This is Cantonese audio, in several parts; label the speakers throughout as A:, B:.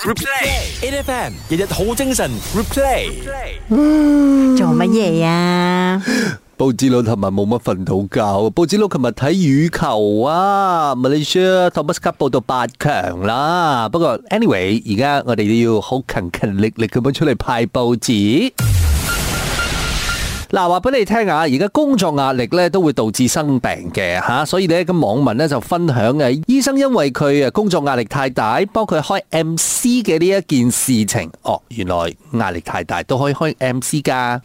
A: Replay 8FM 日日好精神。Replay、嗯、做乜嘢啊？
B: 報紙佬琴日冇乜瞓到覺，報紙佬琴日睇羽球啊，Malaysia Thomas Cup 報到八強啦。不過 anyway，而家我哋都要好勤勤力力咁樣出嚟派報紙。嗱，話俾你聽下，而家工作壓力咧都會導致生病嘅吓，所以咧個網民咧就分享嘅醫生因為佢工作壓力太大，幫佢開 MC 嘅呢一件事情，哦，原來壓力太大都可以開 MC 噶。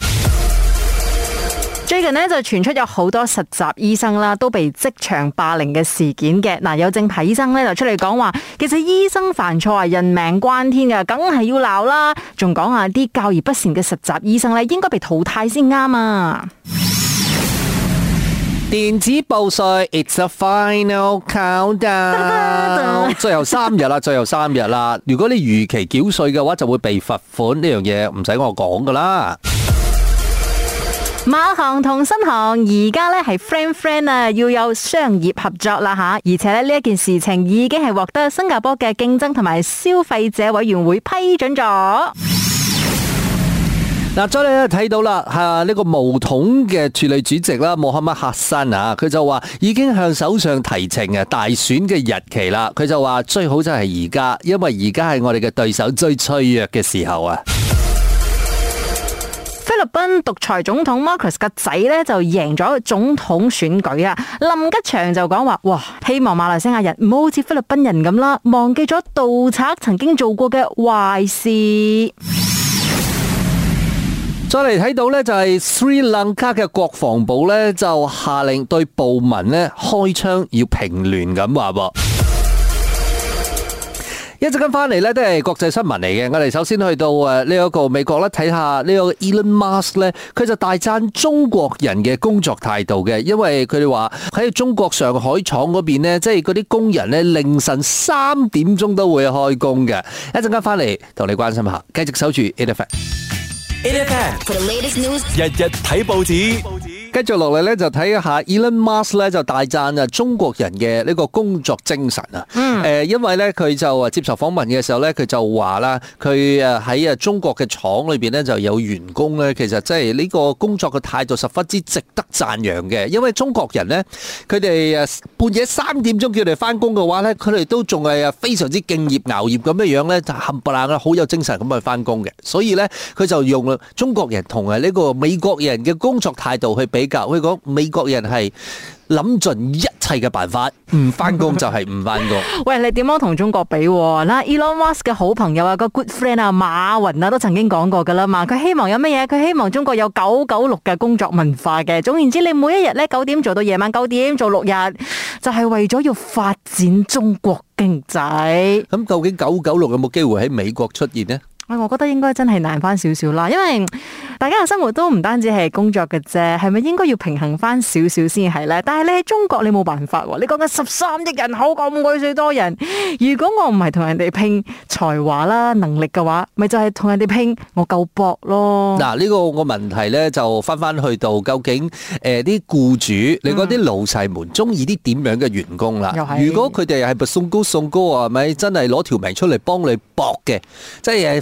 B: 最近呢，就傳出有好多實習醫生啦，都被職
A: 場霸凌嘅事件嘅。嗱，有正牌醫生咧就出嚟講話，其實醫生犯錯啊，人命關天嘅，梗係要鬧啦。仲講啊，啲教而不善嘅實習醫生咧，應該被
B: 淘汰先啱啊。電子報稅，It's a final countdown， 最後三日啦，最後三日啦。如果你逾期繳稅嘅話，就會被罰款呢樣嘢，唔使我講噶啦。
A: 馬航同新航而家咧係 friend friend 啊，要有商業合作啦吓，而且呢一件事情已經係獲得新加坡嘅競爭同埋消費者委員會批准咗。
B: 嗱，再嚟睇到啦，吓呢個巫統嘅助理主席啦，穆罕默克申啊，佢就話已經向首相提呈啊大選嘅日期啦，佢就話最好就係而家，因為而家係我哋嘅對手最脆弱嘅時候啊。菲律
A: 賓獨裁總統 Marcos 嘅仔咧就贏咗總統選舉啊！林吉祥就講話，哇，希望馬來西亞人唔好似菲律賓人咁啦，忘記咗盜賊曾
B: 經做過嘅壞事。再嚟睇到呢，就係 Sri Lanka 嘅國防部呢，就下令對暴民咧開槍，要平亂咁話噃。一陣間翻嚟咧，都係國際新聞嚟嘅。我哋首先去到誒呢一個美國咧，睇下呢個 Elon Musk 咧，佢就大讚中國人嘅工作態度嘅，因為佢哋話喺中國上海廠嗰邊呢，即係嗰啲工人呢，凌晨三點鐘都會開工嘅。一陣間翻嚟同你關心下，繼續守住 Edfan，Edfan，for the latest news 日日睇報紙。日日繼續落嚟咧，就睇一下 Elon Musk 咧就大讚啊中國人嘅呢個工作精神啊！誒，因為咧佢就啊接受訪問嘅時候咧，佢就話啦，佢誒喺啊中國嘅廠裏邊咧就有員工咧，其實即係呢個工作嘅態度十分之值得讚揚嘅，因為中國人咧，佢哋誒半夜三點鐘叫你翻工嘅話咧，佢哋都仲係啊非常之敬業熬夜咁樣樣咧，就冚唪唥咧好有精神咁去翻工嘅，所以咧佢就用中國人同啊呢個美國人嘅工作態度去比較，佢講美國人係諗盡一切嘅辦法，唔翻工就係唔翻工。
A: 喂，你點樣同中國比？嗱，Elon Musk 嘅好朋友啊，個 good friend 啊，馬雲啊，都曾經講過噶啦嘛。佢希望有乜嘢？佢希望中國有九九六嘅工作文化嘅。總言之，你每一日咧九點做到夜晚九點，做六日，就係為咗要發展中國經濟。咁究竟九九六有
B: 冇機會喺美國出現呢？
A: 我我覺得應該真係難翻少少啦，因為大家嘅生活都唔單止係工作嘅啫，係咪應該要平衡翻少少先係咧？但係你喺中國你冇辦法喎，你講緊十三億人口咁鬼死多人，如果我唔係同人哋拼才華啦能力嘅話，咪就係同人哋拼我夠搏咯。嗱，
B: 呢個我問題咧就翻翻去到究竟誒啲僱主，你嗰啲老細們中意啲點樣嘅員工啦？如果佢哋係咪送高送高啊，咪真係攞條命出嚟幫你搏嘅，即係。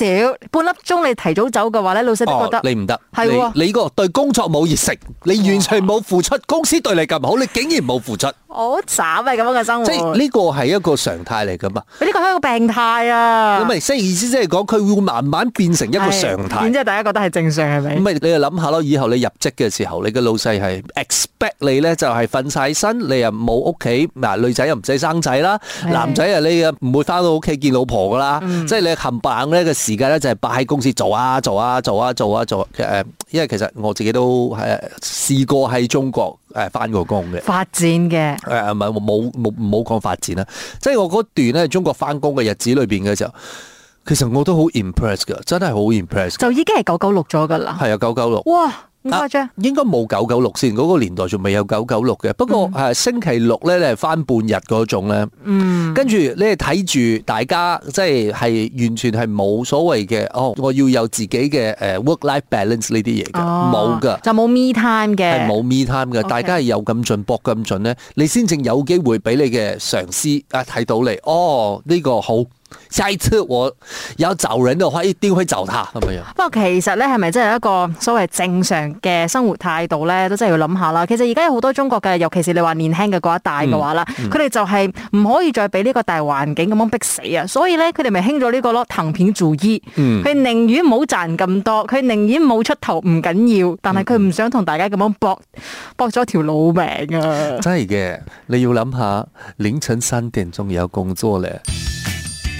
A: 少半粒鐘，你提早走嘅話咧，老細都覺得你唔得，
B: 係你呢個對工作冇熱誠，你完全冇付出，公司對你咁好，你竟然冇付出，
A: 好慘啊！咁樣嘅生活，即係呢
B: 個係一個常態嚟噶嘛？
A: 呢個係一個病態啊！咁係，即係
B: 意思即係講佢會慢慢變成一個常態，即
A: 係大家覺得係正常係咪？咁係，
B: 你又諗下咯，以後你入職嘅時候，你嘅老細係 expect 你咧，就係瞓晒身，你又冇屋企，嗱女仔又唔使生仔啦，男仔啊你啊唔會翻到屋企見老婆噶啦，即係你冚唪唥咧嘅事。而家咧就係擺喺公司做啊做啊做啊做啊做、啊，誒，因為其實我自己都、啊、試過喺中國誒翻過工嘅發展嘅，誒唔係冇冇冇講發展啦，即係我嗰段喺中國翻工嘅日子裏邊嘅時候，其實我都好 impressed 噶，真係好 impressed，就已經係九九六咗噶啦，係啊九九六，哇！啊、應該冇九九六先，嗰個年代仲未有九九六嘅。不過係、嗯、星期六咧，你係返半日嗰種咧。嗯，跟住你係睇住大家，即係係完全係冇所謂嘅。哦，我要有自己嘅誒 work life balance 呢啲嘢嘅，冇、哦、㗎，就冇 me
A: time 嘅，冇
B: me time 嘅、okay。大家係有咁勁搏咁勁咧，你先至有機會俾你嘅上司啊睇到你。哦，呢、這個好。下一次我要找人嘅話，一定會找他，係咪？不
A: 過其實咧，係咪真係一個所謂正常嘅生活態度咧，都真係要諗下啦。其實而家有好多中國嘅，尤其是你說年輕的那的話年輕嘅嗰一代嘅話啦，佢、嗯、哋、嗯、就係唔可以再俾呢個大環境咁樣逼死啊。所以咧，佢哋咪興咗呢個咯躺平主義。佢寧願冇賺咁多，佢寧願冇出頭唔緊要，要，但係佢唔想同大家咁樣搏搏咗條老命啊。真係
B: 嘅，你要諗下凌晨三點鐘有工作咧。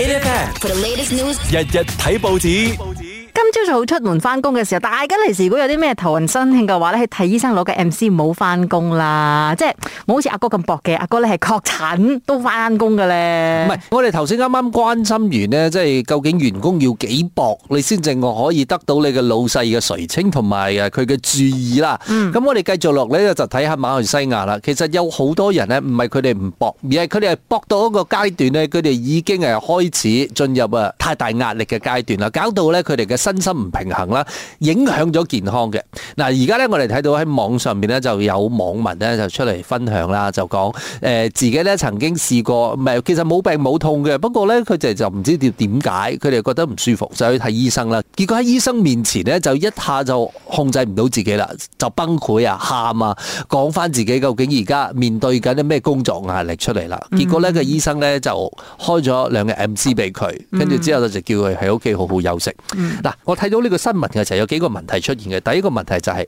A: 日日睇報紙。今朝早出門翻工嘅時候，大吉利是如果有啲咩頭暈身興嘅話咧，去睇醫生攞嘅 MC，唔好翻工啦。即係唔好似阿哥咁搏嘅，阿哥咧係確診都翻工嘅咧。唔係，
B: 我哋頭先啱啱關心完咧，即係究竟員工要幾搏，你先正我可以得到你嘅老細嘅垂青同埋嘅佢嘅注意啦。咁我哋繼續落咧就睇下馬來西亞啦。其實有好多人咧，唔係佢哋唔搏，而係佢哋係搏到一個階段咧，佢哋已經係開始進入啊太大壓力嘅階段啦，搞到咧佢哋嘅身身心唔平衡啦，影響咗健康嘅。嗱，而家咧我哋睇到喺網上面咧就有網民咧就出嚟分享啦，就講誒自己咧曾經試過，唔係其實冇病冇痛嘅，不過咧佢哋就唔知點點解，佢哋覺得唔舒服，就去睇醫生啦。結果喺醫生面前咧，就一下就控制唔到自己啦，就崩潰啊，喊啊，講翻自己究竟而家面對緊啲咩工作壓力出嚟啦。結果咧個、嗯嗯、醫生咧就開咗兩個 MC 俾佢，跟住之後就叫佢喺屋企好好休息。嗱、嗯嗯。我睇到呢個新聞嘅時候有幾個問題出現嘅，第一個問題就係，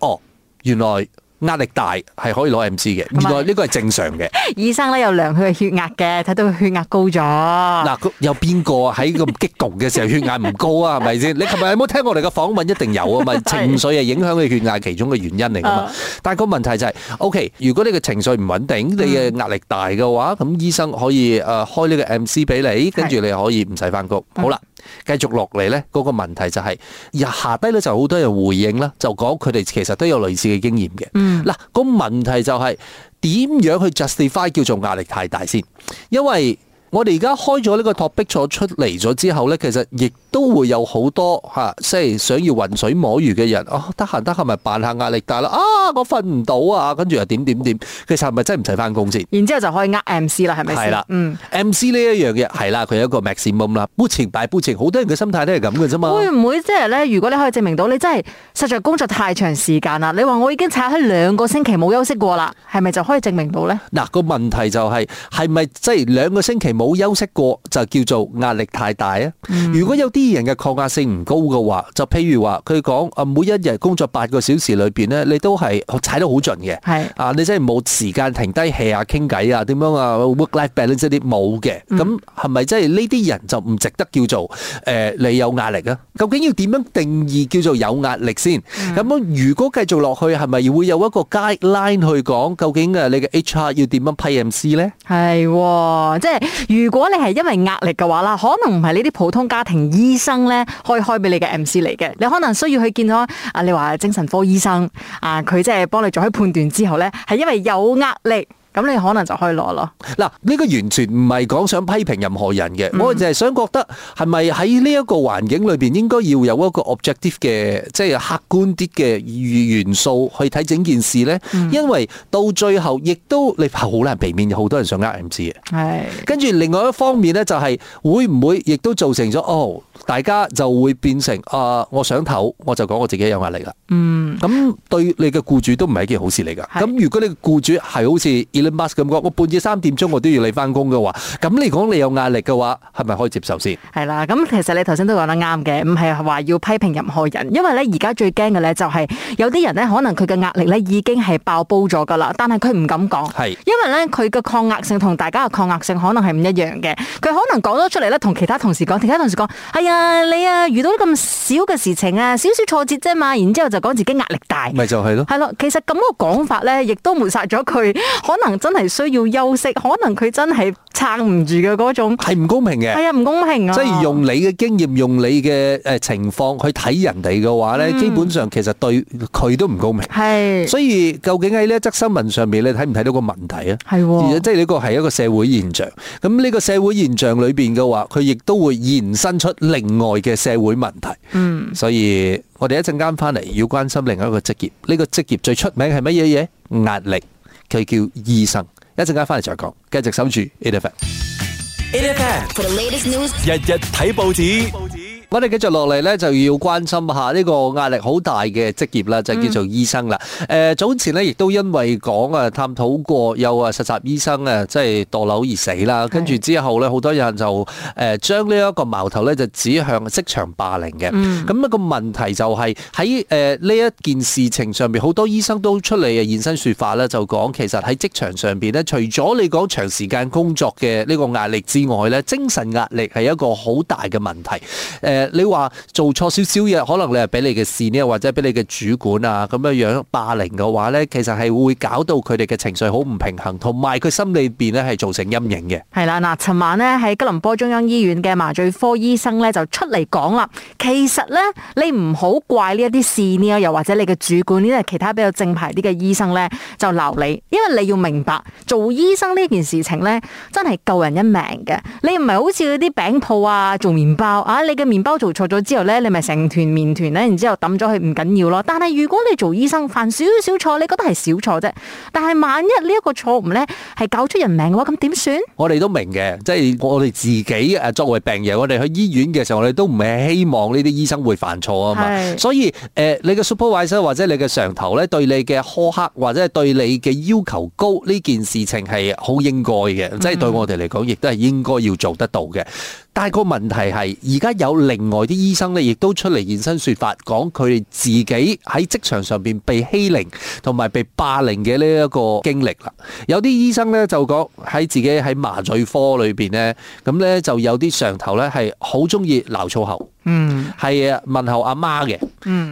B: 哦，原來壓力大係可以攞 MC 嘅，原來呢個係正常嘅。
A: 醫生咧又量佢嘅血壓嘅，睇到佢血壓高咗。
B: 嗱，有邊個喺咁激動嘅時候血壓唔高啊？係咪先？你琴日有冇聽我哋嘅訪問？一定有啊嘛，情緒係影響你血壓其中嘅原因嚟噶嘛。但係個問題就係，O K，如果你個情緒唔穩定，你嘅壓力大嘅話，咁醫生可以誒開呢個 MC 俾你，跟住你又可以唔使翻工。好啦。繼續落嚟，呢嗰個問題就係，日下低咧就好多人回應啦，就講佢哋其實都有類似嘅經驗嘅。嗯，嗱，個問題就係點樣去 justify 叫做壓力太大先，因為。我哋而家開咗呢個 topic 咗出嚟咗之後咧，其實亦都會有好多嚇，即係想要混水摸魚嘅人啊，得閒得閑咪扮下壓力大咯啊！我瞓唔到啊，跟住又點點點，其實係咪真係唔使翻工先？然之後就可以呃 MC 啦，係咪先？係啦，嗯，MC 呢一樣嘢係啦，佢有一個 maximum 啦，不情擺不情，好多人嘅心態都係咁嘅啫嘛。會唔
A: 會即係咧？如果你可以證明到你真係實在工作太長時間啦，你話我已經踩喺兩個星期冇休息過啦，係咪就可以證明到咧？
B: 嗱，個問題就係係咪即係兩個星期冇？冇休息過就叫做壓力太大啊！如果有啲人嘅抗壓性唔高嘅話，就譬如話佢講啊，每一日工作八個小時裏面，咧，你都係踩得好盡嘅，係啊，你真係冇時間停低氣啊、傾偈啊、點樣啊，work-life balance 啲冇嘅，咁係咪真係呢啲人就唔值得叫做、呃、你有壓力啊？究竟要點樣定義叫做有壓力先？咁、嗯、如果繼續落去，係咪會有一個 guideline 去講究竟你嘅 HR 要點樣批 MC 咧？
A: 係、哦、即係。如果你係因為壓力嘅話啦，可能唔係呢啲普通家庭醫生咧可以開俾你嘅 MC 嚟嘅，你可能需要去見到啊，你話精神科醫生啊，佢即係幫你做咗判斷之後咧，係因為有壓力。咁你可
B: 能就可以攞咯。嗱，呢個完全唔係講想批評任何人嘅，嗯，我就係想覺得係咪喺呢一個環境裏邊應該要有一個 objective 嘅，即，就，係，是、客觀啲嘅元素去睇整件事咧，嗯？因為到最後亦都你好難避免，好多人想呃 MC 嘅。係。跟住另外一方面咧，就係會唔會亦都造成咗哦，大家就會變成啊，呃，我想唞，我就講我自己有壓力啦。嗯。咁對你嘅僱主都唔係一件好事嚟噶。咁如果你嘅僱主係好似。你 mask 咁講，我半夜三點鐘我都要你翻工嘅話，咁你講你有壓力嘅話，係咪可以接受先？係
A: 啦，咁其實你頭先都講得啱嘅，唔係話要批評任何人，因為咧而家最驚嘅咧就係有啲人咧，可能佢嘅壓力咧已經係爆煲咗噶啦，但係佢唔敢講，係因為咧佢嘅抗壓性同大家嘅抗壓性可能係唔一樣嘅，佢可能講咗出嚟咧，同其他同事講，其他同事講，係啊你啊遇到咁少嘅事情啊，少少挫折啫嘛，然之後就講自己壓力大，咪就係咯，係咯，其實咁嘅講法咧，亦都抹殺咗佢可能，真係需要休息，可能佢真係撐唔住嘅嗰種，係唔公平嘅，係、哎、啊，唔公平啊！即係
B: 用你嘅經驗，用你嘅誒情況去睇人哋嘅話呢、嗯、基本上其實對佢都唔公平。係，所以究竟喺呢一則新聞上面，你睇唔睇到個問題啊？係喎、哦，即係呢個係一個社會現象。咁呢個社會現象裏邊嘅話，佢亦都會延伸出另外嘅社會問題。嗯，所以我哋一陣間翻嚟要關心另一個職業，呢、呢個職業最出名係乜嘢嘢？壓力。佢叫醫生，一陣間翻嚟再講，繼續守住。Effect, Effect, 日日睇報紙。日日我哋繼續落嚟咧，就要關心下呢個壓力好大嘅職業啦，就叫做醫生啦。誒、嗯，早前咧亦都因為講啊，探討過有啊實習醫生啊，即係墮樓而死啦。跟住之後咧，好多人就誒將呢一個矛頭咧，就指向職場霸凌嘅。咁、嗯、一、個問題就係喺誒呢一件事情上面，好多醫生都出嚟現身說法咧，就講其實喺職場上邊咧，除咗你講長時間工作嘅呢個壓力之外咧，精神壓力係一個好大嘅問題。誒。你話做錯少少嘢，可能你係俾你嘅事呢，或者俾你嘅主管啊咁嘅樣霸凌嘅話呢，其實係會搞到佢哋嘅情緒好唔平衡，同埋佢心裏邊呢係造成陰影嘅。
A: 係啦，嗱、呃，尋晚呢喺吉隆坡中央醫院嘅麻醉科醫生呢就出嚟講啦，其實呢，你唔好怪呢一啲事呢，又或者你嘅主管呢啲其他比較正牌啲嘅醫生呢，就鬧你，因為你要明白做醫生呢件事情呢，真係救人一命嘅，你唔係好似啲餅鋪啊做麵包啊，你嘅麵包。做錯咗之後呢，你咪成團麵團呢？然之後抌咗佢唔緊要咯。但係如果你做醫生犯少少錯，你覺得係小錯啫。但係萬一呢一個錯誤咧，係搞出人命嘅話，咁點算？
B: 我哋都明嘅，即係我哋自己誒，作為病人，我哋去醫院嘅時候，我哋都唔係希望呢啲醫生會犯錯啊嘛。所以誒、呃，你嘅 supervisor 或者你嘅上頭呢，對你嘅苛刻或者係對你嘅要求高呢件事情係好應該嘅，即係對我哋嚟講，亦都係應該要做得到嘅。嗯。但係個問題係而家有。另外啲醫生咧，亦都出嚟現身説法，講佢哋自己喺職場上邊被欺凌同埋被霸凌嘅呢一個經歷啦。有啲醫生咧就講喺自己喺麻醉科裏邊咧，咁咧就有啲上頭咧係好中意鬧粗口。嗯，係啊，問候阿媽嘅，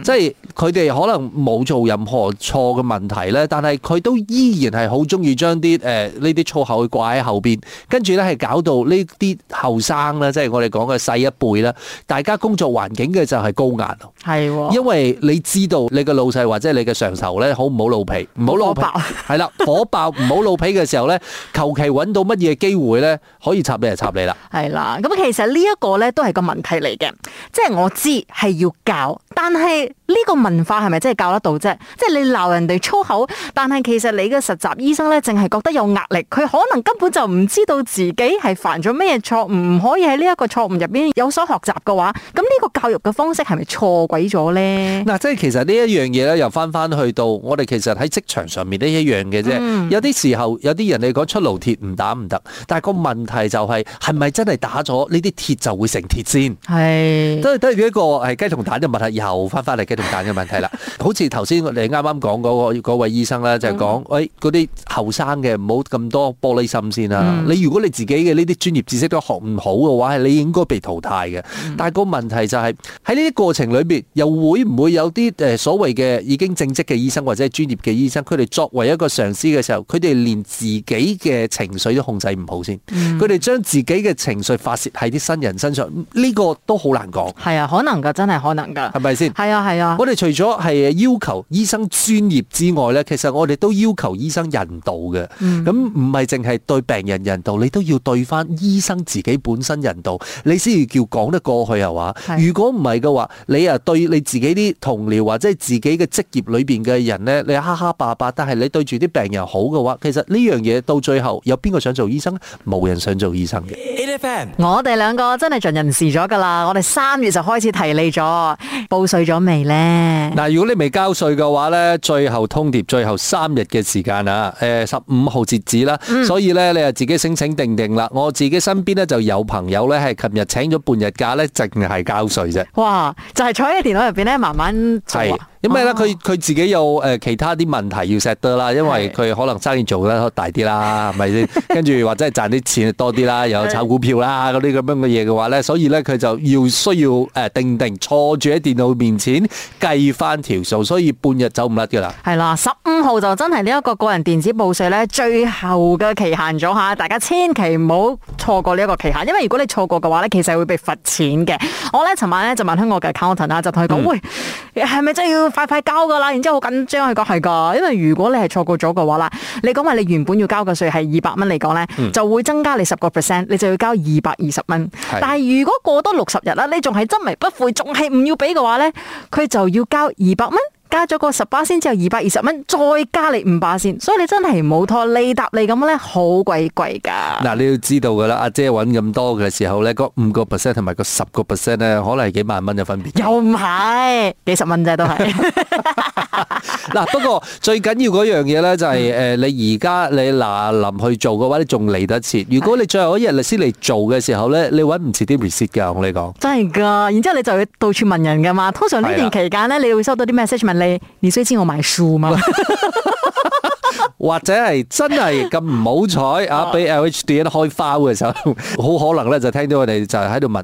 B: 即係佢哋可能冇做任何錯嘅問題咧，但係佢都依然係好中意將啲誒呢啲粗口去掛喺後邊，跟住咧係搞到呢啲後生咧，即係我哋講嘅細一輩啦，大家工作環境嘅就係高壓，係哦，因為你知道你嘅老細或者你嘅上頭咧，好唔好露皮，唔好露皮，係啦，火爆唔好露皮嘅時候咧，求其揾到乜嘢機會咧，可以插你就插你啦，
A: 係啦，咁其實呢一個咧都係個問題嚟嘅。即係我知係要教，但係呢個文化係咪真係教得到啫？即係你鬧人哋粗口，但係其實你嘅實習醫生咧，淨係覺得有壓力，佢可能根本就唔知道自己係犯咗咩錯誤，唔可以喺呢一個錯誤入邊有所學習嘅話，咁呢個教育嘅方式係咪錯鬼咗呢？
B: 嗱，即係其實呢一樣嘢咧，又翻翻去到我哋其實喺職場上面呢一樣嘅啫。有啲時候有啲人你講出爐鐵唔打唔得，但係個問題就係係咪真係打咗呢啲鐵就會成鐵先？係。都係等於一個係雞同蛋嘅問題，又翻返嚟雞同蛋嘅問題啦。 好似頭先你啱啱講嗰位醫生咧，就係講喂嗰啲後生嘅唔好咁多玻璃心先、啊、啦、嗯。你如果你自己嘅呢啲專業知識都學唔好嘅話，係你應該被淘汰嘅、嗯。但係個問題就係喺呢啲過程裏邊又會唔會有啲誒所謂嘅已經正職嘅醫生或者係專業嘅醫生，佢哋作為一個上司嘅時候，佢哋連自己嘅情緒都控制唔好先，佢哋將自己嘅情緒發泄喺啲新人身上，呢、這個都好難講。係啊，可能噶，真係可能噶，係咪先？係啊，係啊。我哋除咗係要求醫生專業之外呢，其實我哋都要求醫生人道嘅。咁唔係淨係對病人人道，你都要對翻醫生自己本身人道，你先至叫講得過去的話啊！話如果唔係嘅話，你啊對你自己啲同僚或者自己嘅職業裏邊嘅人呢，你哈哈巴巴，但係你對住啲病人好嘅話，其實呢樣嘢到最後有邊個想做醫生？冇人想做醫生嘅。
A: 我哋兩個真係盡人事咗噶啦，我哋三月就開始提你咗，報稅咗未呢？
B: 嗱，如果你未交稅嘅話呢，最後通牒最後三日嘅時間啊，誒十五號截止啦，嗯，所以呢，你又自己醒醒定定啦。我自己身邊呢，就有朋友呢，係琴日請咗半日假呢，淨係交稅啫。哇！就係、
A: 是、坐喺電腦入邊呢，慢慢
B: 做。因為咧，佢佢自己有誒其他啲問題要 set 得啦，因為佢可能生意做得大啲啦，係咪先？跟住或者係賺啲錢多啲啦，又有炒股票啦嗰啲咁樣嘅嘢嘅話咧，所以咧佢就要需要誒定定坐住喺電腦面前計翻條數，所以半日走唔甩啲噶啦。
A: 係啦，十五號就真係呢一個個人電子報稅咧，最後嘅期限咗吓，大家千祈唔好。錯過呢一個期限，因為如果你錯過嘅話咧，其實會被罰錢嘅。我咧尋晚咧就問香港嘅 accountant 啦，就同佢講：喂，係咪真係要快快交噶啦？然之後好緊張，佢講係噶，因為如果你係錯過咗嘅話啦，你講話你原本要交嘅稅係二百蚊嚟講咧，就會增加你十個 percent，你就要交二百二十蚊。但係如果過多六十日啦，你仲係執迷不悔，仲係唔要俾嘅話咧，佢就要交二百蚊。加咗個十巴仙，之後二百二十蚊，再加你五巴仙。所以你真係冇拖，你答你咁咧好鬼貴噶。
B: 嗱，你要知道噶啦，阿姐揾咁多嘅時候咧，嗰五個 percent 同埋個十個 percent 咧，可能係幾萬蚊嘅分別。
A: 又唔係幾十蚊啫，都係。
B: 嗱，不過最緊要嗰樣嘢咧就係、是，誒、嗯，你而家你嗱臨去做嘅話，你仲嚟得切。如果你最後嗰一日先嚟做嘅時候咧，你揾唔切啲 receipt 噶，我同你講。
A: 真係噶，然之後你就要到處問人噶嘛。通常呢段期間咧，你會收到啲 message 問。你最近有買書嗎？
B: 或者係真係咁唔好彩啊，俾 LHD 開花嘅時候，好可能咧就聽到我哋就喺度問。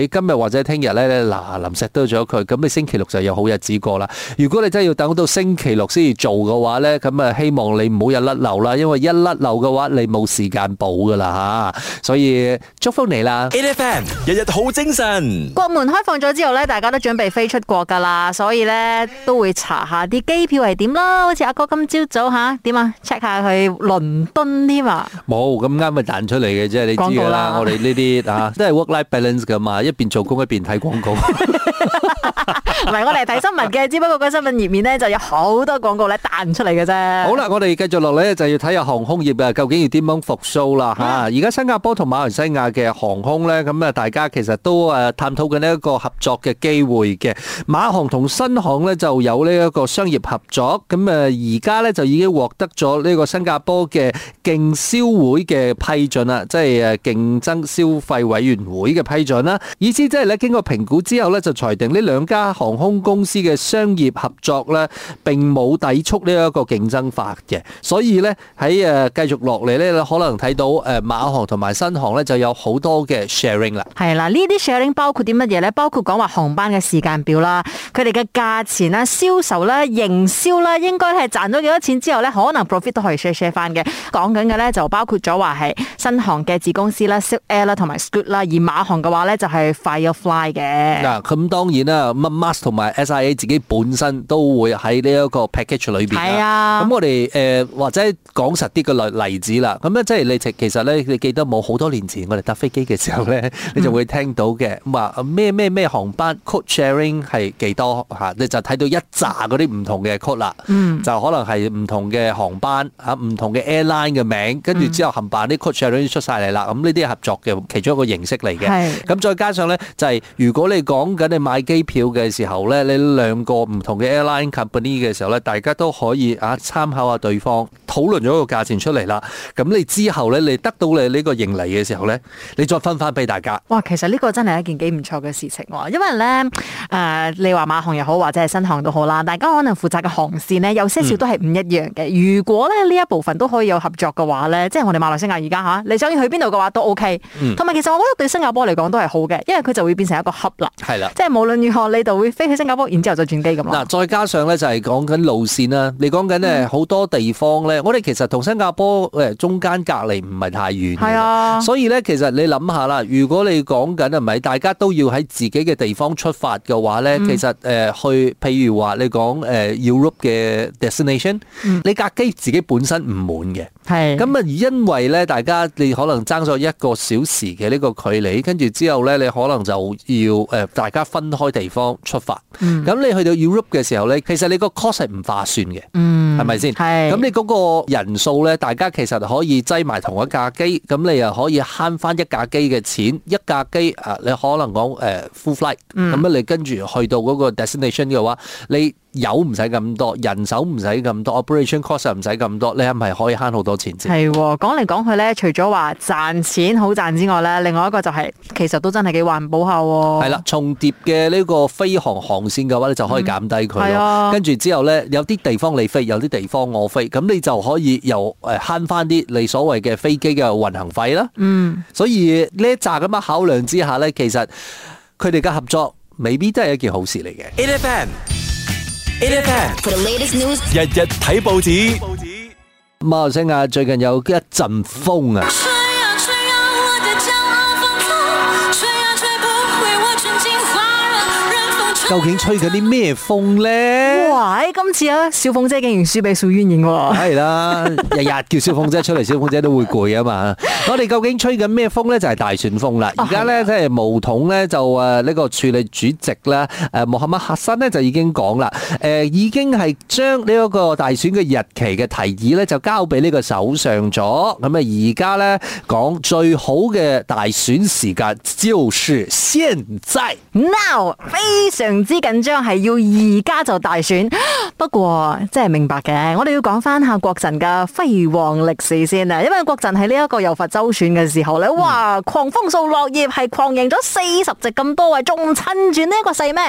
B: 你今日或者聽日咧，嗱，林石都咗佢，咁你星期六就有好日子過啦。如果你真係要等到星期六先至做嘅話咧，咁啊，希望你唔好一甩漏啦，因為一甩漏嘅話，你冇時間補噶啦吓。所以祝福你啦，everyman 日日好精神。
A: 國門開放咗之後咧，大家都準備飛出國噶啦，所以咧都會查下啲機票係點咯。好似阿哥今朝早吓點啊？check 下去倫敦添啊？
B: 冇，咁啱咪彈出嚟嘅啫。你知啦，我哋呢啲啊，都係 work-life balance 噶嘛。一邊做工一邊睇廣告
A: 唔係我哋睇新聞嘅，只不過個新聞頁面咧就有好多廣告咧彈出嚟嘅啫。好啦，
B: 我哋繼續落嚟，就要睇下航空業啊，究竟要點樣復蘇啦吓？而家新加坡同馬來西亞嘅航空咧，咁啊，大家其實都誒探討緊一個合作嘅機會嘅。馬航同新航咧就有呢一個商業合作，咁啊，而家咧就已經獲得咗呢個新加坡嘅競銷會嘅批准啦，即係誒競爭消費委員會嘅批准啦。意思即係咧，經過評估之後咧，就裁定呢兩家航空公司嘅商業合作咧並冇抵觸呢一個競爭法嘅，所以咧喺誒繼續落嚟咧，可能睇到誒馬航同埋新航咧就有好多嘅 sharing 啦。係啦，呢啲 sharing 包
A: 括啲乜嘢咧？包括講話航班嘅時間表啦、佢哋嘅價錢啦、銷售啦、營銷啦，應該係賺咗幾多錢之後咧，可能 profit 都可以 share share 翻嘅。講緊嘅咧就包括咗話係新航嘅子公司啦 SilkAir 啦同埋 Scoot 啦，而馬航嘅話咧就係。firefly 嘅嗱，
B: 咁當然啦，MAS 同埋 SIA 自己本身都會喺呢一個 package 裏邊。係啊，咁我哋誒或者講實啲個例例子啦，咁咧即係你其其實咧，你記得冇？好多年前我哋搭飛機嘅時候咧，你就會聽到嘅，話咩咩咩航班 code sharing 係幾多嚇？你就睇到一紮嗰啲唔同嘅 code 啦，嗯，就可能係唔同嘅航班嚇，唔同嘅 airline 嘅名，跟住之後冚唪唥啲 code sharing 出曬嚟啦。咁呢啲係合作嘅其中一個形式嚟嘅，係咁再加上。就係、是、如果你講緊你買機票嘅時候咧，你兩個唔同嘅 airline company 嘅時候咧，大家都可以啊參考下對方討論咗個價錢出嚟啦。咁你之後咧，你得到你呢個盈利嘅時候咧，你再分翻俾大家。
A: 哇，其實呢個真係一件幾唔錯嘅事情喎，因為咧誒、呃，你話馬航又好，或者係新航都好啦，大家可能負責嘅航線呢，有些少都係唔一樣嘅、嗯。如果咧呢一部分都可以有合作嘅話咧，即係我哋馬來西亞而家嚇，你想要去邊度嘅話都 OK、嗯。同埋其實我覺得對新加坡嚟講都係好嘅。因為佢就會變成一
B: 個 hub 啦，係啦，
A: 即係無論如何，你就會飛去新加坡，然之後再轉機咁咯。嗱，
B: 再加上咧就係講緊路綫啦，你講緊咧好多地方咧、嗯，我哋其實同新加坡誒中間隔籬唔係太遠，係啊，所以咧其實你諗下啦，如果你講緊啊唔係，大家都要喺自己嘅地方出發嘅話咧、嗯，其實誒去，譬如話你講誒 Europe 嘅 destination，、嗯、你隔機自己本身唔滿嘅。係，咁啊，因為咧，大家你可能爭咗一個小時嘅呢個距離，跟住之後咧，你可能就要誒，大家分開地方出發。咁、嗯、你去到 Europe 嘅時候咧，其實你個 cost 係唔划算嘅，係咪先？咁你嗰個人數咧，大家其實可以擠埋同一架機，咁你又可以慳返一架機嘅錢。一架機啊，你可能講誒 full flight，咁、嗯、你跟住去到嗰個 destination 嘅話，你，油唔使咁多，人手唔使咁多，operation cost 唔使咁多，你係咪可以慳好多錢？係，
A: 講嚟講去咧，除咗話賺錢好賺之外咧，另外一個就係其實都真係幾環保下。係
B: 啦，重疊嘅呢個飛航航綫嘅話，你就可以減低佢。係啊。跟住之後咧，有啲地方你飛，有啲地方我飛，咁你就可以又誒慳翻啲你所謂嘅飛機嘅運行費啦。嗯。所以呢一紮咁樣考量之下咧，其實佢哋嘅合作未必都係一件好事嚟嘅。E.F.M。Pan, news，日日睇報紙，報紙，馬來西亞最近有一陣風啊！究竟吹緊啲咩風咧？哇！今次啊，小鳳姐竟然輸俾數鴛鴦喎。係啦，日日叫小鳳姐出嚟，小 鳳姐都會攰啊嘛。 我哋究竟吹緊咩風咧？就係、是、大選風啦。而家咧，即係巫統咧，就誒呢、這個署理主席啦，誒、啊、莫哈末哈山呢就已經講啦，誒、呃、已經係將呢一個大選嘅日期嘅提議咧，就交俾呢個首相咗。咁啊，而家咧講最好嘅大選時間就是現
A: 在。Now 非常。唔知緊張係要而家就大選，不過真係明白嘅。我哋要講翻下國陣嘅輝煌歷史先啊，因為國陣喺呢一個柔佛州選嘅時候咧，哇！狂風掃落葉係狂贏咗四十席咁多，仲唔趁住呢一個勢咩？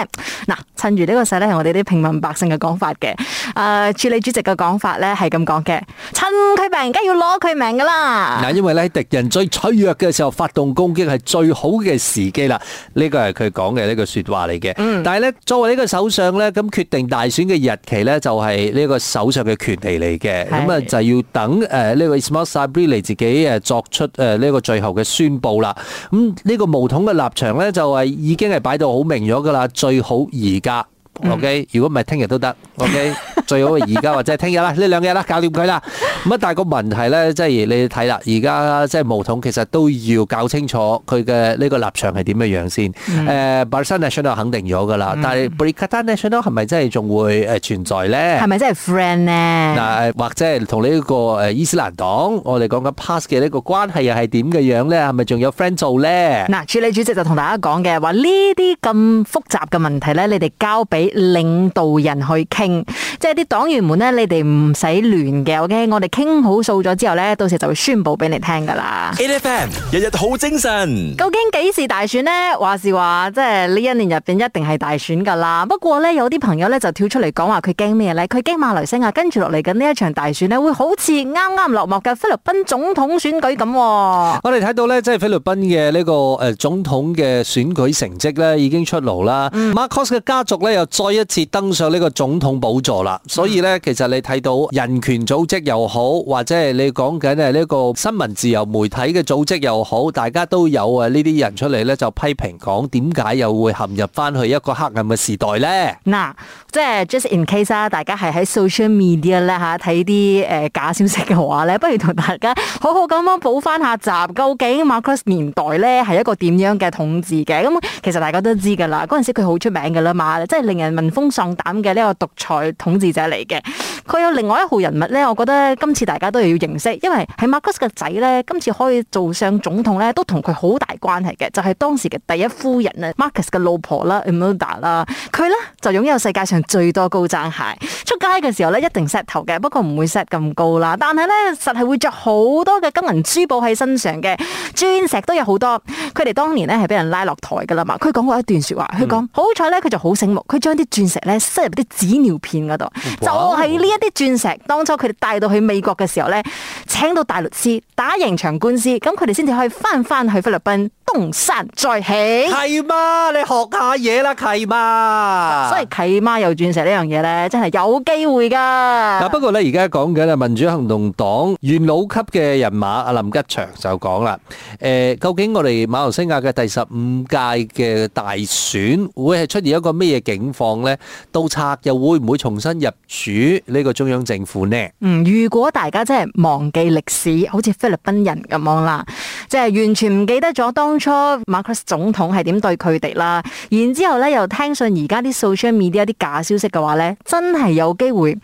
A: 嗱、啊，趁住呢個勢咧，係我哋啲平民百姓嘅講法嘅。誒、啊，署理主席嘅講法咧係咁講嘅，趁佢病梗要攞佢命㗎啦。嗱，
B: 因為咧敵人最脆弱嘅時候發動攻擊係最好嘅時機啦，呢個係佢講嘅呢句說話嚟嘅。嗯，但係。作為呢個首相咧，咁決定大選嘅日期咧，就係呢個首相嘅權利嚟嘅。咁啊，就係要等誒呢個伊斯馬爾沙布利自己誒作出誒呢個最後嘅宣佈啦。咁呢個巫統嘅立場呢，就係已經係擺到好明咗㗎啦。最好而家、嗯、OK。如果唔係聽日都得，OK。 最好而家或者聽日啦，呢兩日啦，搞掂佢啦。咁啊，但係個問題咧，即係你睇啦，而家即係巫統其實都要搞清楚佢嘅呢個立場係點嘅樣先。誒，Barisan Nasional 肯定咗噶啦，但係 Perikatan Nasional 係咪真係仲會誒存在咧？係咪真係 friend 咧？嗱，或者係同呢一個誒伊斯蘭黨，我哋講緊 PAS 嘅呢個關係又係點嘅樣咧？係咪仲有 friend 做咧？
A: 嗱，署理主席就同大家講嘅話，呢啲咁複雜嘅問題咧，你哋交俾領導人去傾，即係啲。黨員們呢，你哋唔使亂嘅，OK，我哋傾好數咗之後呢，到時就會宣布俾你聽噶啦。A. F. M. 日日好精神。究竟幾時大選呢？話是話，即係呢一年入邊一定係大選噶啦。不過呢，有啲朋友呢就跳出嚟講話，佢驚咩咧？佢驚馬來西亞跟住落嚟緊呢一場大選呢，會好似啱啱落幕嘅菲律賓總統選舉咁。
B: 我哋睇到呢，即係菲律賓嘅呢個誒總統嘅選舉成績呢已經出爐啦。馬科斯嘅家族呢，又再一次登上呢個總統寶座啦。所以咧，其實你睇到人權組織又好，或者係你講緊係呢個新聞自由媒體嘅組織又好，大家都有啊呢啲人出嚟咧，就批評講點解又會陷入翻去一個黑暗嘅時代咧？嗱，
A: 即係 just in case 啊，大家係喺 social media 咧嚇睇啲誒假消息嘅話咧，不如同大家好好咁樣補翻下習，究竟 Marcus 年代咧係一個點樣嘅統治嘅？咁其實大家都知㗎啦，嗰陣時佢好出名㗎啦嘛，即係令人聞風喪膽嘅呢個獨裁統治。嚟嘅，佢有另外一號人物咧，我覺得今次大家都要認識，因為係 Marcus 嘅仔咧，今次可以做上總統咧，都同佢好大關係嘅，就係當時嘅第一夫人啊，Marcus 嘅老婆啦，Imelda 啦，佢咧就擁有世界上最多高踭鞋，出街嘅時候咧一定 set 頭嘅，不過唔會 set 咁高啦，但係咧實係會着好多嘅金銀珠寶喺身上嘅，鑽石都有好多，佢哋當年咧係俾人拉落台噶啦嘛，佢講過一段說話，佢講，好彩咧，佢就好醒目，佢將啲鑽石咧塞入啲紙尿片嗰度。就係呢一啲鑽石，當初佢哋帶到去美國嘅時候呢，請到大律師打贏場官司，咁佢哋先至可以翻翻去菲律賓東山再起。係嘛，你學下嘢啦，契媽。所以契媽有鑽石呢樣嘢呢，真係有機會噶。
B: 但不過呢，而家講緊民主行動黨元老級嘅人馬阿林吉祥就講啦，誒，究竟我哋馬來西亞嘅第十五屆嘅大選會係出現一個咩嘢境況呢？盜賊又會唔會重新入？屬呢個中央政府呢？嗯，
A: 如果大家真係忘記歷史，好似菲律賓人咁啦，即係完全唔記得咗當初馬克斯總統係點對佢哋啦，然之後咧又聽信而家啲 social media 啲假消息嘅話呢，真係有機會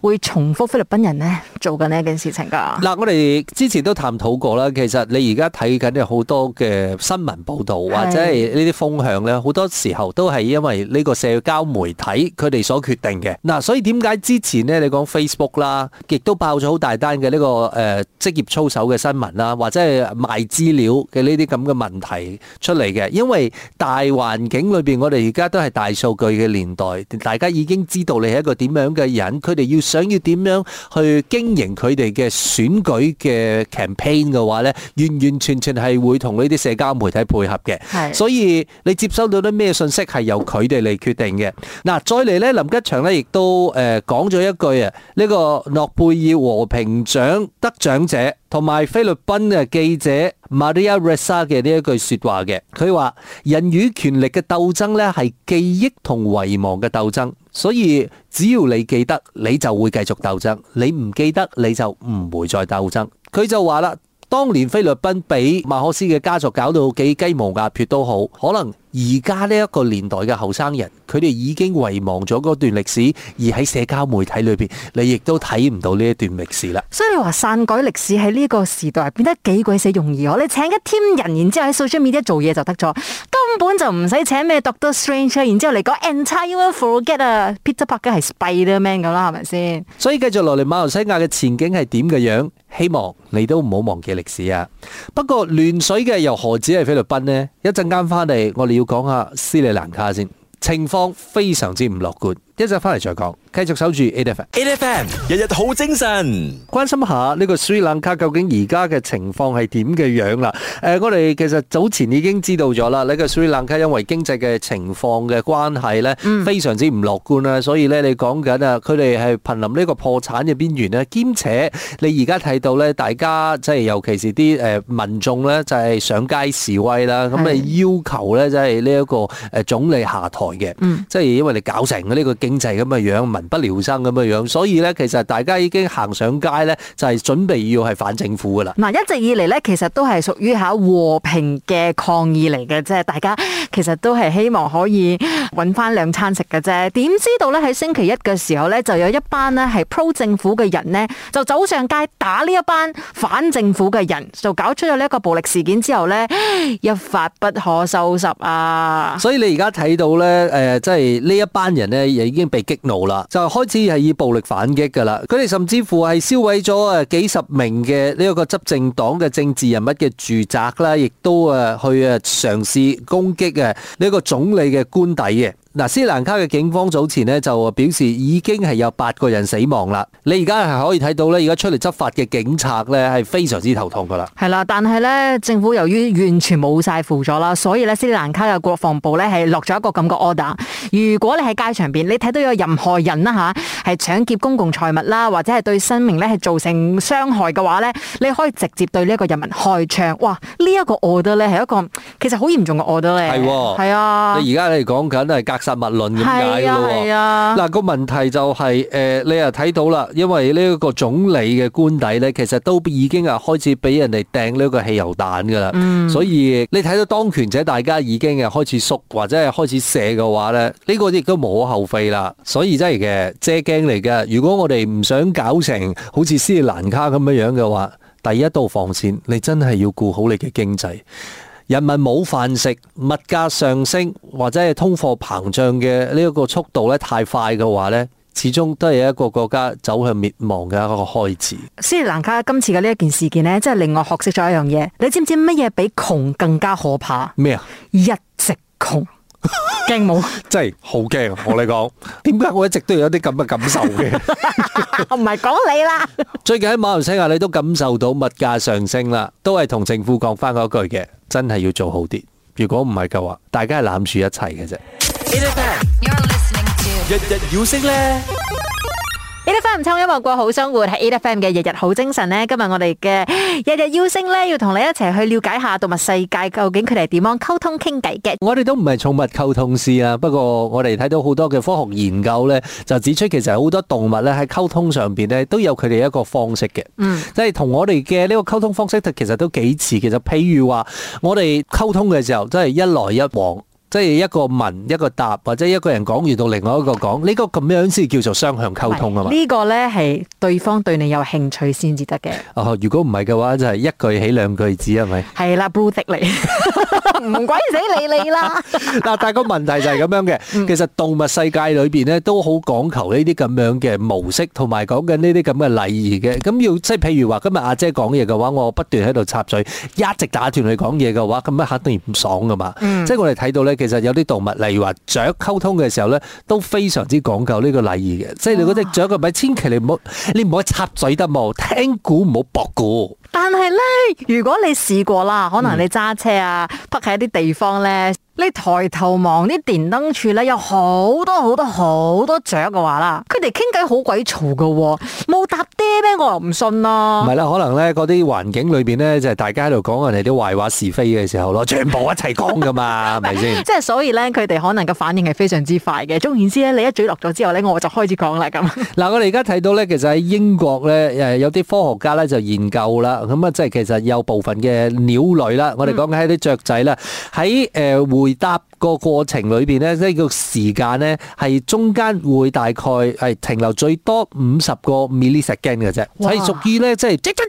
A: 會重複菲律賓人呢做緊呢件事情噶。
B: 嗱、嗯，我哋之前都探討過啦，其實你而家睇緊嘅好多嘅新聞報道或者係呢啲風向呢，好多時候都係因為呢個社交媒體佢哋所決定嘅。嗱、嗯，所以點解之前咧？你講 Facebook 啦，亦都爆咗好大單嘅呢個誒、呃、職業操守嘅新聞啦，或者係賣資料嘅呢啲咁嘅問題出嚟嘅。因為大環境裏邊，我哋而家都係大數據嘅年代，大家已經知道你係一個點樣嘅人。佢哋要想要點樣去經營佢哋嘅選舉嘅 campaign 嘅話呢，完完全全係會同呢啲社交媒體配合嘅。所以你接收到啲咩信息係由佢哋嚟決定嘅。嗱，再嚟呢，林吉祥呢亦都。誒，講咗一句啊，呢、這個諾貝爾和平獎得獎者同埋菲律賓嘅記者 Maria Ressa 嘅呢一句話說話嘅，佢話，人與權力嘅鬥爭呢係記憶同遺忘嘅鬥爭，所以只要你記得，你就會繼續鬥爭；你唔記得，你就唔會再鬥爭。佢就話啦，當年菲律賓俾馬可斯嘅家族搞到幾雞毛鴨血都好，可能。而家呢一個年代嘅後生人，佢哋已經遺忘咗嗰段歷史，而喺社交媒體裏面，你亦都睇唔到呢一段歷史啦。
A: 所以話篡改歷史喺呢個時代變得幾鬼死容易喎！你請一 team 人，然之後喺 social media 做嘢就得咗，根本就唔使請咩 Doctor Strange 啊，然之後嚟講 entire forget 啊，Peter Parker 係 Spider Man 咁啦，係咪先？
B: 所以繼續落嚟馬來西亞嘅前景係點嘅樣？希望你都唔好忘記歷史啊！不過亂水嘅又何止係菲律賓呢？一陣間翻嚟我要講下斯里蘭卡先。情況非常之唔樂觀，一陣翻嚟再講。繼續守住 A F M，A F M 日日好精神。關心一下呢個斯里蘭卡究竟而家嘅情況係點嘅樣啦？誒、呃，我哋其實早前已經知道咗啦，呢、這個斯里蘭卡因為經濟嘅情況嘅關係咧，非常之唔樂觀啊、嗯。所以咧，你講緊啊，佢哋係瀕臨呢個破產嘅邊緣啦。兼且你而家睇到咧，大家即係尤其是啲誒民眾咧，就係上街示威啦，咁你要求咧，即係呢一個誒總理下台。嗯，即係因為你搞成呢個經濟咁嘅樣，民不聊生咁嘅樣，所以咧，其實大家已經行上街咧，就係準備要係反政府噶啦。
A: 嗱，一直以嚟咧，其實都係屬於吓和平嘅抗議嚟嘅，即係大家其實都係希望可以揾翻兩餐食嘅啫。點知道咧，喺星期一嘅時候咧，就有一班呢係 pro 政府嘅人呢，就走上街打呢一班反政府嘅人，就搞出咗呢一個暴力事件之後咧，一發不可收拾啊！
B: 所以你而家睇到咧。誒、呃，即係呢一班人咧，已經被激怒啦，就開始係以暴力反擊噶啦。佢哋甚至乎係燒毀咗誒幾十名嘅呢一個執政黨嘅政治人物嘅住宅啦，亦都啊去啊嘗試攻擊啊呢一個總理嘅官邸嘅。嗱，斯里蘭卡嘅警方早前咧就表示已經係有八個人死亡啦。你而家係可以睇到咧，而家出嚟執法嘅警察咧係非常之頭痛噶啦。
A: 係啦，但係咧政府由於完全冇晒輔助啦，所以咧斯里蘭卡嘅國防部咧係落咗一個咁嘅 order。如果你喺街場邊你睇到有任何人啦吓，係搶劫公共財物啦，或者係對生命咧係造成傷害嘅話咧，你可以直接對呢一個人民開槍。哇，呢一個 order 咧係一個其實好嚴重嘅 order 咧。係係啊。你而
B: 家你講緊係實物論咁解噶咯喎，嗱、啊呃那個問題就係、是、誒、呃，你又睇到啦，因為呢個個總理嘅官邸呢，其實都已經係開始俾人哋掟呢個汽油彈噶啦，所以你睇到當權者大家已經係開始縮或者係開始射嘅話呢，呢、這個亦都無可厚非啦。所以真係嘅借鏡嚟嘅，如果我哋唔想搞成好似斯里蘭卡咁樣樣嘅話，第一道防線你真係要顧好你嘅經濟。人民冇飯食，物價上升或者係通貨膨脹嘅呢一個速度咧，太快嘅話咧，始終都係一個國家走向滅亡嘅一個開始。
A: 斯里蘭卡今次嘅呢一件事件咧，真係令我學識咗一樣嘢。你知唔知乜嘢比窮更加可怕？咩啊？一直窮。
B: 驚冇， 真係好驚。我 你講，點解我一直都有啲咁嘅感受嘅？
A: 我唔係講你啦 。
B: 最近喺馬來西亞，你都感受到物價上升啦，都係同政府講翻嗰句嘅，真係要做好啲。如果唔係嘅話，大家係攬住一齊嘅啫。Japan, to... 日日要食咧。
A: 翻唔抽音樂過好生活，係 A F M 嘅日日好精神呢，今日我哋嘅日日邀星咧，要同你一齊去了解下動物世界究竟佢哋點樣溝通傾偈嘅。
B: 我哋都唔係寵物溝通師啊，不過我哋睇到好多嘅科學研究咧，就指出其實好多動物咧喺溝通上邊咧都有佢哋一個方式嘅。嗯，即係同我哋嘅呢個溝通方式其，其實都幾似。其實，譬如話我哋溝通嘅時候，真係一來一往。即係一個問一個答，或者一個人講完到另外一個講，呢個咁樣先叫做雙向溝通啊嘛。呢
A: 個咧係對方對你有興趣先至得嘅。
B: 哦，如果唔係嘅話，就係一句起兩句止係咪？
A: 係啦，bulldog 嚟，唔鬼死理你啦。
B: 嗱，但係個問題就係咁樣嘅，其實動物世界裏邊咧都好講求呢啲咁樣嘅模式，同埋講緊呢啲咁嘅禮儀嘅。咁要即係譬如話今日阿姐講嘢嘅話，我不斷喺度插嘴，一直打斷佢講嘢嘅話，咁咪肯定唔爽噶嘛。嗯，即係我哋睇到咧。其實有啲動物，例如話雀溝通嘅時候咧，都非常之講究呢個禮儀嘅。即係你嗰隻雀嘅咪，千祈你唔好，你唔好插嘴得冇，聽古唔好駁古
A: 但係咧，如果你試過啦，可能你揸車啊，泊、嗯、喺一啲地方咧，你抬頭望啲電燈柱咧，有好多好多好多雀嘅話啦，佢哋傾偈好鬼嘈嘅，冇搭爹咩，我又唔信咯。唔
B: 係啦，可能咧嗰啲環境裏邊咧，就係、是、大家喺度講人哋啲壞話是非嘅時候咯，全部一齊講噶嘛，係咪先？即、
A: 就、係、是、所以咧，佢哋可能嘅反應係非常之快嘅。總而言之咧，你一嘴落咗之後咧，我就開始講啦咁。
B: 嗱，我哋而家睇到咧，其實喺英國咧，誒有啲科學家咧就研究啦。咁啊，即係其實有部分嘅鳥類啦，我哋講緊喺啲雀仔啦，喺誒回答個過程裏邊咧，即係個時間咧，係中間會大概係停留最多五十個 millisecond 嘅啫，係屬於咧即係即即。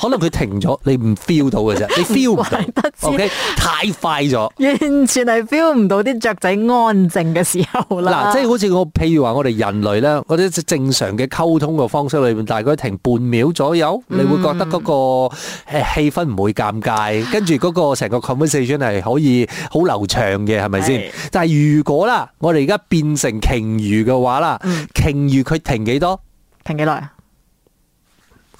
B: 可能佢停咗，你唔 feel 到嘅啫，你 feel 唔到。OK，太快咗，
A: 完全係 feel 唔到啲雀仔安靜嘅時候啦。嗱，即係好
B: 似我，譬如話我哋人類咧，我哋正常嘅溝通嘅方式裏面，大概停半秒左右，你會覺得嗰個誒氣氛唔會尷尬，跟住嗰個成個 conversation 係可以好流暢嘅，係咪先？但係如果啦，我哋而家變成鯨魚嘅話啦，鯨魚佢停幾多？停幾耐啊？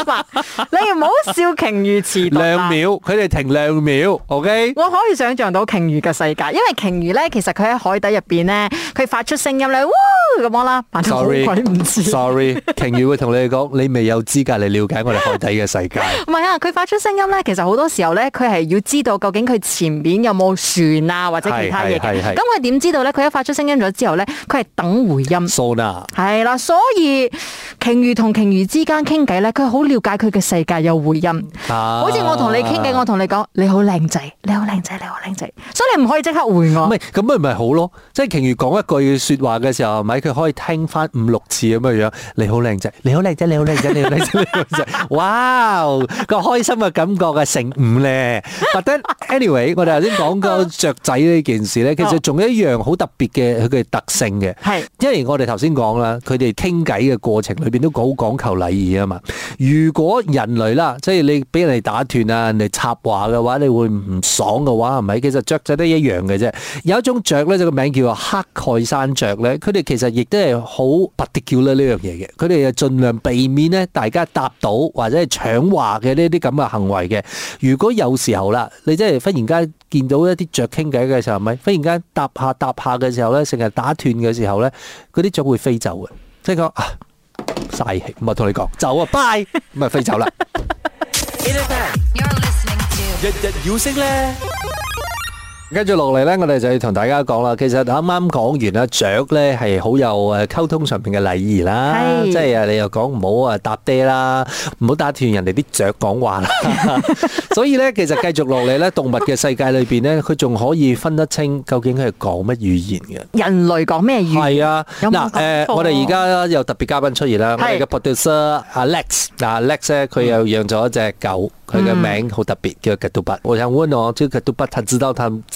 A: 你唔好笑
B: 鯨魚遲兩秒，佢哋停兩秒。OK，
A: 我可以想象到鯨魚嘅世界，因為鯨魚咧，其實佢喺海底入邊咧，佢發出聲音咧，咁樣啦，sorry 唔知。
B: Sorry，鯨 魚會同你哋講，你未有資格嚟了解我哋海底嘅世界。
A: 唔 係啊，佢發出聲音咧，其實好多時候咧，佢係要知道究竟佢前面有冇船啊或者其他嘢嘅。咁佢點知道咧？佢一發出聲音咗之後咧，佢係等
B: 回音。Sona. 啊、所以，
A: 係啦，所以鯨魚同鯨魚之間傾偈咧，佢好。了解佢嘅世界有回音，
B: 好似我同你傾偈，我
A: 同你講你好靚仔，你好靚仔，你好靚仔，
B: 所以你唔可以即刻回我。唔係咁咪咪好咯，即係鯨魚講一句說話嘅時候，咪佢可以聽翻五六次咁嘅樣。你好靚仔，你好靚仔，你好靚仔，你好靚仔，你好靚仔。哇，個開心嘅感覺嘅，成五咧。But anyway，我哋頭先講個雀仔呢件事咧，其實仲有一樣好特別嘅佢嘅特性嘅，係因為我哋頭先講啦，佢哋傾偈嘅過程裏邊都好講求禮儀啊嘛，如如果人類啦，即係你俾人哋打斷啊，人哋插話嘅話，你會唔爽嘅話，係咪？其實雀仔都一樣嘅啫。有一種雀咧，就個名叫做黑蓋山雀咧，佢哋其實亦都係好不跌叫啦呢樣嘢嘅。佢哋就盡量避免咧大家搭到或者係搶話嘅呢啲咁嘅行為嘅。如果有時候啦，你真係忽然間見到一啲雀傾偈嘅時候，係咪？忽然間搭下搭下嘅時候咧，成日打斷嘅時候咧，嗰啲雀會飛走嘅，即係講啊。嘥氣，唔係同你講走啊，bye，唔係飛走啦 ，to... 日日要升咧。跟住落嚟咧，我哋就要同大家講啦。其實啱啱講完阿雀咧，係好有誒溝通上邊嘅禮儀啦。係，即係啊，你又講唔好啊，搭爹啦，唔好打斷人哋啲雀講話。所以咧，其實繼續落嚟咧，動物嘅世界裏邊咧，佢仲可以分得清究竟佢係講乜語言嘅。人類講咩語言？係啊，嗱誒，我哋而家有特別嘉賓出現啦。係。我哋嘅 producer 阿 Alex，嗱 Alex 咧，佢又養咗一隻狗，佢嘅名好特別，叫 Gudub。我想問我，知 Gudub 係知道，佢。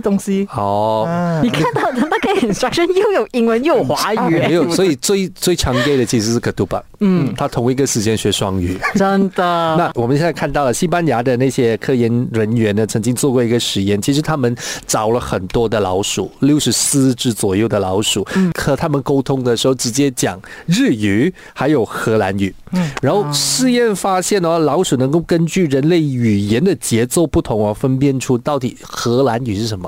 B: 東西好，oh, 嗯，你看到的那
A: 個 instruction 又有英文又有華語。哎，沒有，所以
B: 最最常見的其實是可杜巴嗯。嗯，他同一個時間學雙語，真的。那我們現在看到了西班牙的那些科研人員呢，曾經做過一個實驗，其實他們找了很多的老鼠，六十四隻左右的老鼠，和他們溝通的時候直接講日語，還有荷蘭語。嗯，然後試驗發現的話、哦，老鼠能夠根據人類語言的節奏不同啊、哦，分辨出到底荷蘭語是什麼。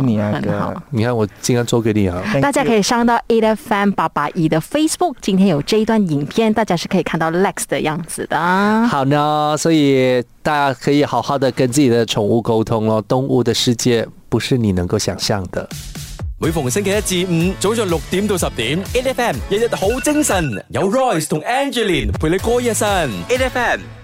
B: 你好，你看，我今天做給你啊！大家可以
A: 上到 8FM 八八一的 Facebook，今天有這一段影片，大家是可以看到 Lex 的樣子的。
B: 好呢，所以大家可以好好的跟自己的寵物溝通哦。動物的世界不是你能夠想象的。每逢星期一至五早上六點到十點，f m 一，8FM，日日好精神，有 Royce 同 Angelin 陪你過一晨，8FM